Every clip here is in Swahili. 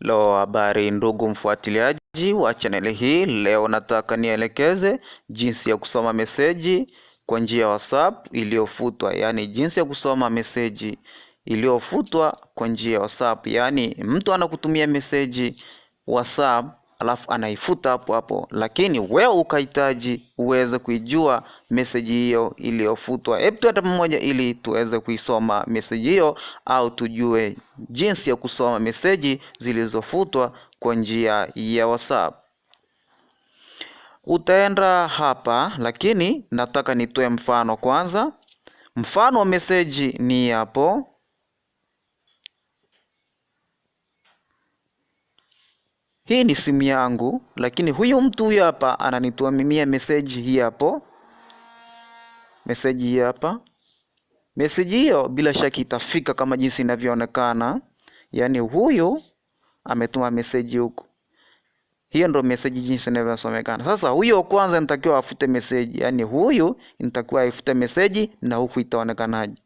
Lo, habari ndugu mfuatiliaji wa chaneli hii. Leo nataka nielekeze jinsi ya kusoma meseji kwa njia ya WhatsApp iliyofutwa, yaani jinsi ya kusoma meseji iliyofutwa kwa njia ya WhatsApp, yaani mtu anakutumia meseji WhatsApp alafu anaifuta hapo hapo, lakini wewe ukahitaji uweze kuijua meseji hiyo iliyofutwa. Hebu hata pamoja ili tuweze kuisoma meseji hiyo, au tujue jinsi ya kusoma meseji zilizofutwa kwa njia ya WhatsApp. Utaenda hapa, lakini nataka nitoe mfano kwanza. Mfano wa meseji ni hapo hii ni simu yangu, lakini huyu mtu huyo hapa ananitumia message hii hapo, message hii hapa. Message hiyo bila shaka itafika kama jinsi inavyoonekana, yaani huyu ametuma message huku. Hiyo ndo message jinsi inavyosomekana. Sasa huyo kwanza nitakiwa afute message, yaani huyu nitakiwa aifute message na huku itaonekanaje?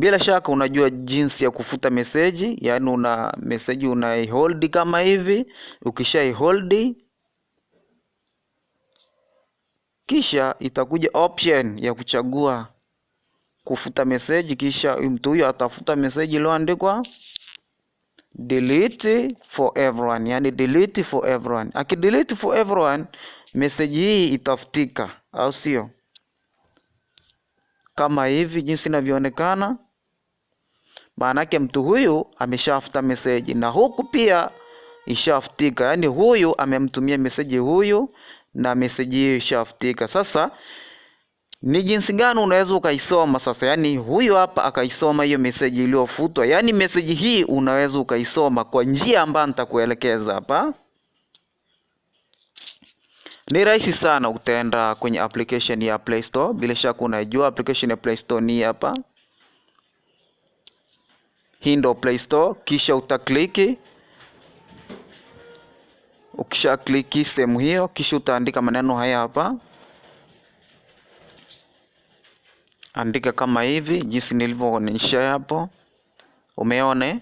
Bila shaka unajua jinsi ya kufuta meseji, yaani una meseji unaiholdi kama hivi. Ukishaiholdi kisha itakuja option ya kuchagua kufuta meseji, kisha mtu huyo atafuta meseji iliyoandikwa delete for everyone, yani delete for everyone. delete for everyone, meseji hii itafutika, au sio? Kama hivi jinsi inavyoonekana maanake mtu huyu ameshafuta meseji na huku pia ishafutika, yaani huyu amemtumia meseji huyu na meseji hiyo ishafutika. Sasa ni jinsi gani unaweza ukaisoma sasa? Yaani huyu hapa akaisoma hiyo meseji iliyofutwa, yaani meseji hii unaweza ukaisoma kwa njia ambayo nitakuelekeza hapa. Ni rahisi sana, utaenda kwenye application ya Play Store. Bila shaka unajua application ya Play Store ni hapa. Hii ndo Play Store, kisha utakliki. Ukisha kliki sehemu hiyo, kisha utaandika maneno haya hapa, andika kama hivi jinsi nilivyoonyesha hapo. Umeone?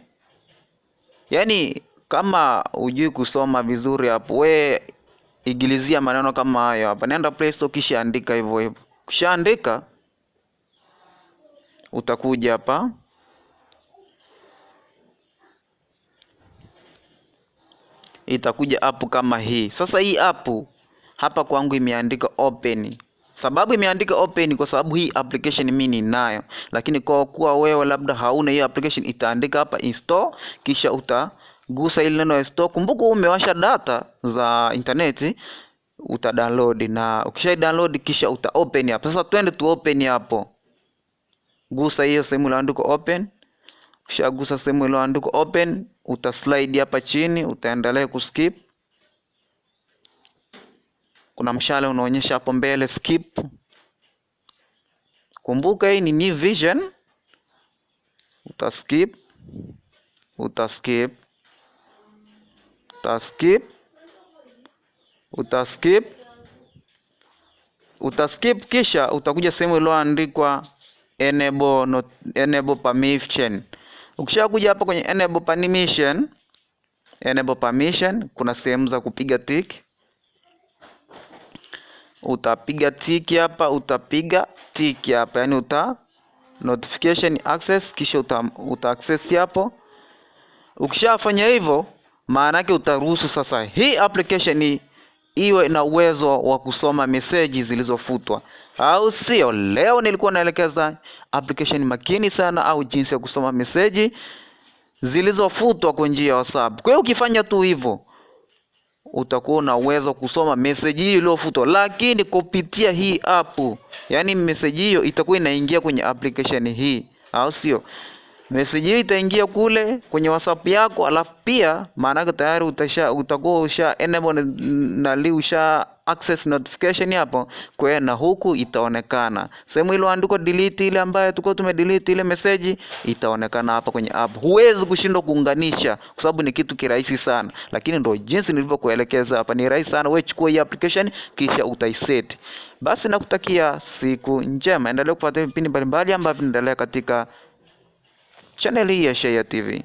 Yaani kama hujui kusoma vizuri hapo, we igilizia maneno kama hayo hapa, nenda Play Store kisha andika hivyo hivyo. andika utakuja hapa itakuja app kama hii. Sasa hii app hapa kwangu imeandika open. Sababu imeandika open kwa sababu hii application mimi ninayo, lakini kwa kuwa wewe labda hauna hiyo application, itaandika hapa install, kisha utagusa ile neno install. Kumbuka umewasha data za internet, uta download na ukisha download kisha uta open hapo. Sasa twende tu open hapo, gusa hiyo sehemu iliyoandikwa open. Ukishagusa sehemu iliyoandikwa open, slide hapa chini, utaendelea kuskip. Kuna mshale unaonyesha hapo mbele skip. Kumbuka hii ni new vision, skip, uta skip, uta skip, kisha utakuja sehemu iliyoandikwa enable not, enable permission Ukishakuja hapa kwenye enable permission, enable permission, kuna sehemu za kupiga tick. Utapiga tick hapa, utapiga tick hapa, yani uta notification access, kisha uta, uta access hapo. Ukishafanya hivyo, maana yake utaruhusu sasa hii application iwe na uwezo wa kusoma meseji zilizofutwa, au sio? Leo nilikuwa naelekeza application makini sana, au jinsi ya kusoma meseji zilizofutwa kwa njia ya WhatsApp. Kwa hiyo ukifanya tu hivyo utakuwa na uwezo kusoma meseji hiyo iliyofutwa, lakini kupitia hii app, yaani meseji hiyo itakuwa inaingia kwenye application hii, au sio? message hiyo itaingia kule kwenye WhatsApp yako, alafu pia maana yake tayari utasha utakuwa usha enable nali usha access notification hapo kwa na huku itaonekana sehemu ile andiko delete, ile ambayo tulikuwa tumedelete ile message itaonekana hapa kwenye app. Huwezi kushindwa kuunganisha kwa sababu ni kitu kirahisi sana, lakini ndio jinsi nilivyokuelekeza hapa, ni rahisi sana. Wewe chukua hii application kisha utaiset. Basi nakutakia siku njema, endelea kufuatilia vipindi mbalimbali ambavyo vinaendelea katika channel Yashaya TV.